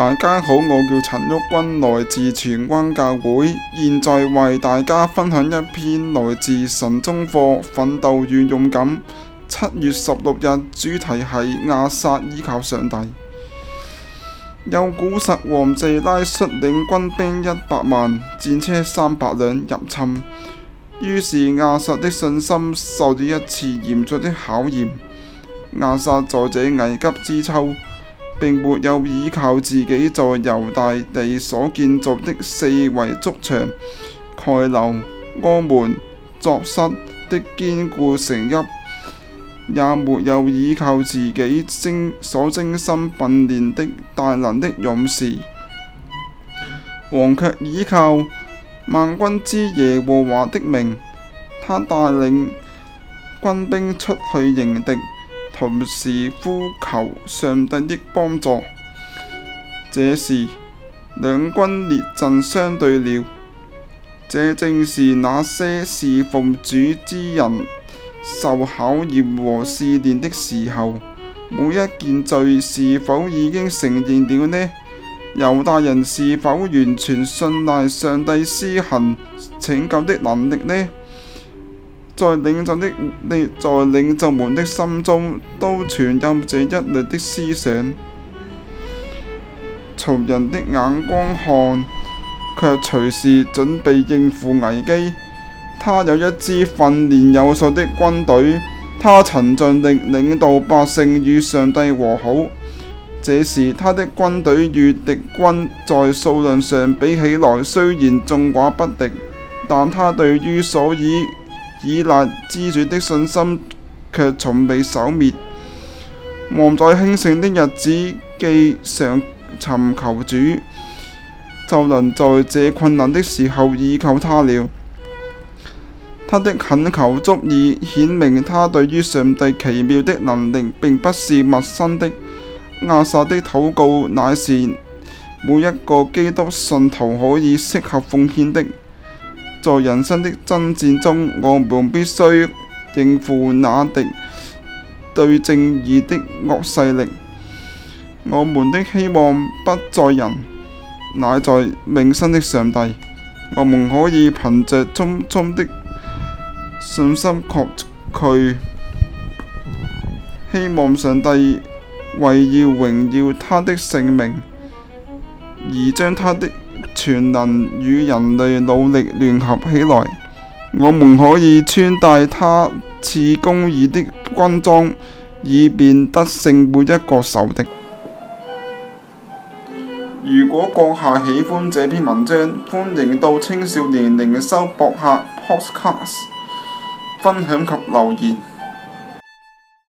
大家好，我叫陳旭君，來自全軍教會，現在為大家分享一篇來自神中課《奮鬥與勇敢》。七月十六日主題係亞撒倚靠上帝。有古實王謝拉率領軍兵一百萬、戰車三百輛入侵，於是亞撒的信心受了一次嚴峻的考驗。亞撒在這危急之秋，並沒有倚靠自己在猶大地所建造的四圍築牆、蓋樓、安門、作室的堅固城邑，也沒有倚靠自己精所精心訓練的大能的勇士，王卻倚靠萬軍之耶和華的名，他帶領軍兵出去迎敵。同時呼求上帝的幫助。這時兩軍列陣相對了，這正是那些侍奉主之人受考驗和試煉的時候。每一件罪是否已經承認了呢？猶大人是否完全信賴上帝施行拯救的能力呢？在領袖的、在領袖們的心中都存有這一類的思想。從人的眼光看，卻隨時準備應付危機。他有一支訓練有素的軍隊，他曾盡力領導百姓與上帝和好。這時，他的軍隊與敵軍在數量上比起來，雖然眾寡不敵，但他對於所以。以那支主的信心，卻從未消滅。王在興盛的日子，既常尋求主，就能在這困難的時候倚靠他了。他的懇求足以顯明他對於上帝奇妙的能力並不是陌生的。亞撒的禱告，乃是每一個基督信徒可以適合奉獻的。在人生的爭戰中，我們必須應付那敵對正義的惡勢力。我們的希望不在人，乃在永生的上帝。我們可以憑着衷心的信心確據，希望上帝為要榮耀他的聖名，而將他的全能與人類努力聯合起來，我們可以穿戴他似公義的軍裝，以便得勝每一個仇敵。如果閣下喜歡這篇文章，歡迎到青少年靈修博客 Podcast 分享及留言。